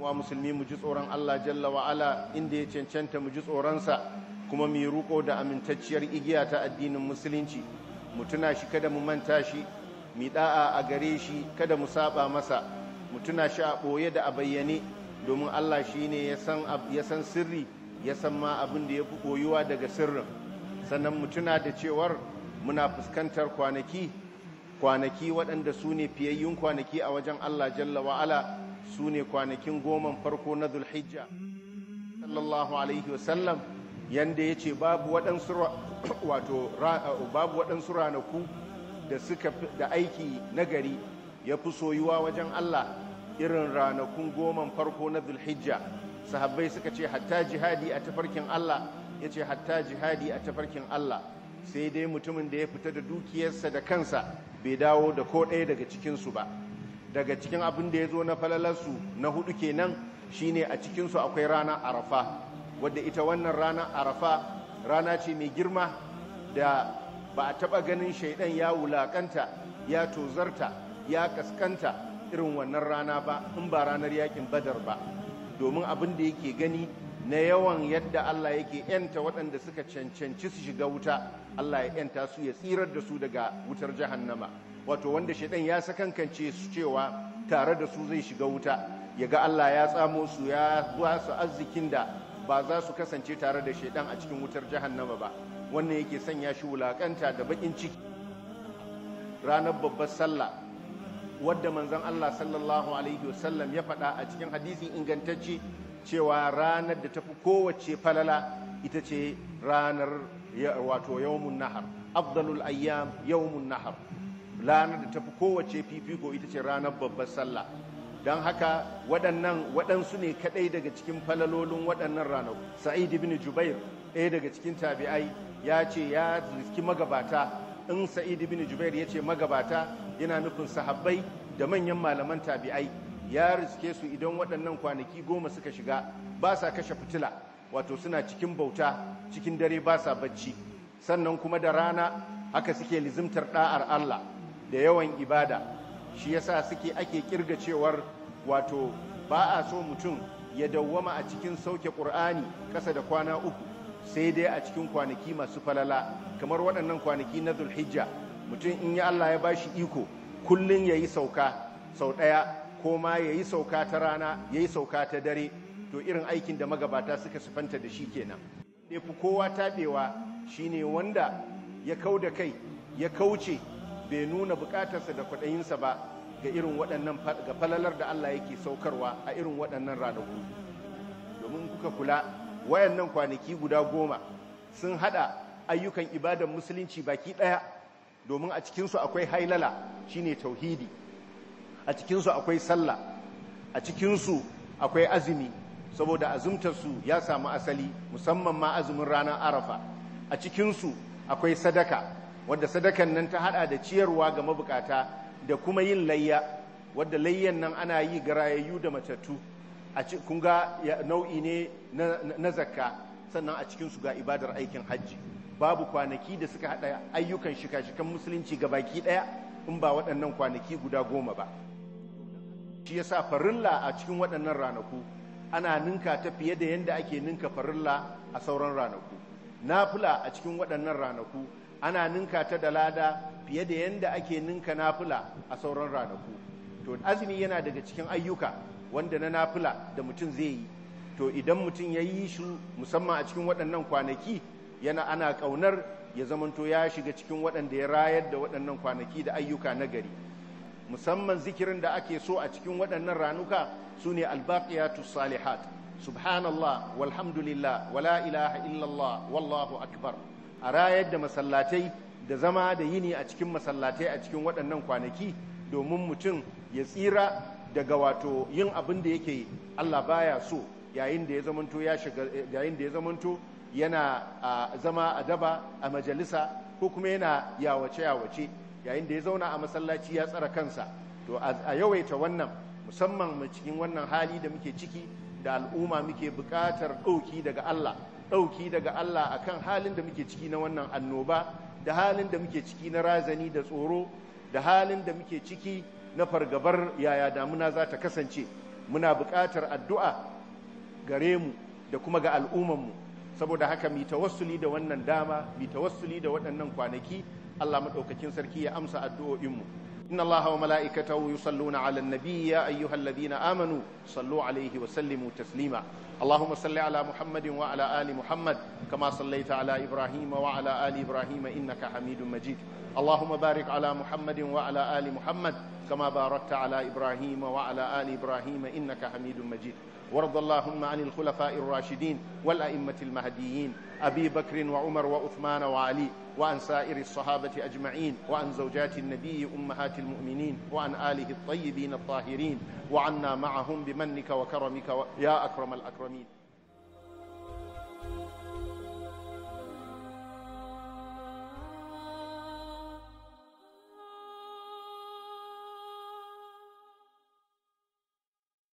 wa musulmi mu ji tsoron Allah jalla wa ala inda ya cancanta mu ji tsoronsa kuma mu yi ruko da amintacciyar igiya ta addinin musulunci mu tuna shi kada mu manta shi mu da'a a gare shi kada mu saba masa mu tuna shi a boye da a bayyane domin Allah shi ne ya san sirri ya san ma abin da ya fi boyuwa daga sirrin sannan mu tuna da cewar muna fuskantar kwanaki kwanaki waɗanda su ne fiyayyun kwanaki a wajen Allah jalla wa'ala su ne kwanakin goman farko na zulhijja sallallahu alaihi wasallam yadda ya ce uh, babu waɗansu ranaku da suka da aiki nagari ya fi soyuwa wajen Allah irin ranakun goman farko na zulhijja sahabbai suka ce hatta jihadi a tafarkin Allah ya ce hatta jihadi a tafarkin Allah sai dai mutumin da ya fita da dukiyarsa da kansa bai dawo da ko ɗaya daga cikinsu ba daga cikin abin da ya zo na falalarsu na hudu kenan shine a cikinsu akwai rana arafa wadda ita wannan rana arafa rana ce mai girma da ba a taɓa ganin shaidan ya wulakanta ya tozarta ya kaskanta irin wannan rana ba in ba ranar yakin badar ba domin abin da yake gani na yawan yadda Allah yake yanta waɗanda suka cancanci su shiga wuta Allah ya yanta su ya tsirar da su daga wutar jahannama wato wanda shaidan ya sakankance su cewa tare da su zai shiga wuta ya ga Allah ya tsamo su ya zuwa su arzikin da ba za su kasance tare da shaidan a cikin wutar jahannama ba wannan yake sanya shi wulakanta da bakin ciki ranar babbar sallah wadda manzon Allah sallallahu alaihi wasallam ya faɗa a cikin hadisi ingantacce cewa ranar da tafi kowace falala ita ce ranar wato yawmun nahar afdalul ayyam yawmun nahar ranar da tafi kowace fifiko ita ce ranar babbar sallah don haka waɗannan waɗansu ne kaɗai daga cikin falalolin waɗannan ranar sa'id ibn jubair ɗaya daga cikin tabi'ai ya ce ya ziki magabata in sa'id ibn jubair ya ce magabata yana nufin sahabbai da manyan malaman tabi'ai ya riske su idan waɗannan kwanaki goma suka shiga ba sa kashe fitila wato suna cikin bauta cikin dare ba sa bacci sannan kuma da rana haka suke lizimtar ɗa'ar Allah da yawan ibada shi yasa suke ake kirga cewar wato ba a so mutum ya dawwama a cikin sauke ƙur'ani ƙasa da kwana uku sai dai a cikin kwanaki masu falala kamar waɗannan kwanaki na zulhijja mutum in yi Allah ya bashi iko kullum ya yi sauka sau ɗaya ko ma ya yi sauka ta rana ya yi sauka ta dare to irin aikin da magabata suka sufanta da shi kenan ne fi kowa taɓewa ne wanda ya kau da kai ya kauce bai nuna bukatarsa da kwaɗayinsa ba ga irin waɗannan ga falalar da Allah yake saukarwa a irin waɗannan ranaku domin kuka kula wayannan kwanaki guda goma sun haɗa ayyukan ibadan musulunci baki ɗaya domin a cikinsu akwai hailala shine tauhidi a cikinsu akwai sallah a cikinsu akwai azumi saboda azumtarsu ya samu asali musamman ma azumin ranar arafa a cikinsu akwai sadaka wadda sadakan nan ta hada da ciyarwa ga mabukata da kuma yin layya wadda layyan nan ana yi ga rayayyu da matattu a kun ga nau'i ne na zakka sannan a cikinsu ga ibadar aikin hajji babu kwanaki da suka hada ayyukan shika-shikan musulunci ga baki daya in ba waɗannan kwanaki guda goma ba shi yasa farilla a cikin waɗannan ranaku ana ninka ta fiye da yadda ake ninka farilla a sauran ranaku nafila a cikin waɗannan ranaku ana ninka ta da lada fiye da yadda ake ninka nafila a sauran ranaku to azumi yana daga cikin ayyuka wanda na nafila da mutum zai yi to idan mutum ya yi shi musamman a cikin waɗannan kwanaki yana ana ƙaunar ya zamanto ya shiga cikin waɗanda ya rayar da waɗannan kwanaki da ayyuka na gari musamman zikirin da ake so a cikin waɗannan ranuka su ne albaqiyatu salihat subhanallah walhamdulillah wala ilaha illallah wallahu akbar a rayar da masallatai da zama da yini a cikin masallatai a cikin waɗannan kwanaki domin mutum ya tsira daga wato yin abin da yake Allah baya so yayin ya zamanto ya shiga yayin da ya zamanto yana zama a daba a majalisa ko kuma yana yawace yawace yayin da ya zauna a masallaci ya tsara kansa to a yawaita wannan musamman mu cikin wannan hali da muke ciki da al'umma muke buƙatar ɗauki daga Allah ɗauki daga Allah akan halin da muke ciki na wannan annoba da halin da muke ciki na razani da tsoro da halin da muke ciki na fargabar yaya damuna za ta kasance muna buƙatar addu'a gare mu da kuma ga mu saboda haka mi tawassuli da wannan dama mi tawassuli da waɗannan kwanaki Allah madaukakin sarki ya amsa addu'o'inmu inna Allah wa mala'ikatahu yusalluna 'alan nabiyyi ya ladina amanu sallu 'alaihi wa sallimu taslima Allahumma salli 'ala Muhammadin wa 'ala ali Muhammad كما صليت على إبراهيم وعلى آل إبراهيم إنك حميد مجيد اللهم بارك على محمد وعلى آل محمد كما باركت على إبراهيم وعلى آل إبراهيم إنك حميد مجيد وارض اللهم عن الخلفاء الراشدين والأئمة المهديين أبي بكر وعمر وأثمان وعلي وعن سائر الصحابة أجمعين وعن زوجات النبي أمهات المؤمنين وعن آله الطيبين الطاهرين وعنا معهم بمنك وكرمك يا أكرم الأكرمين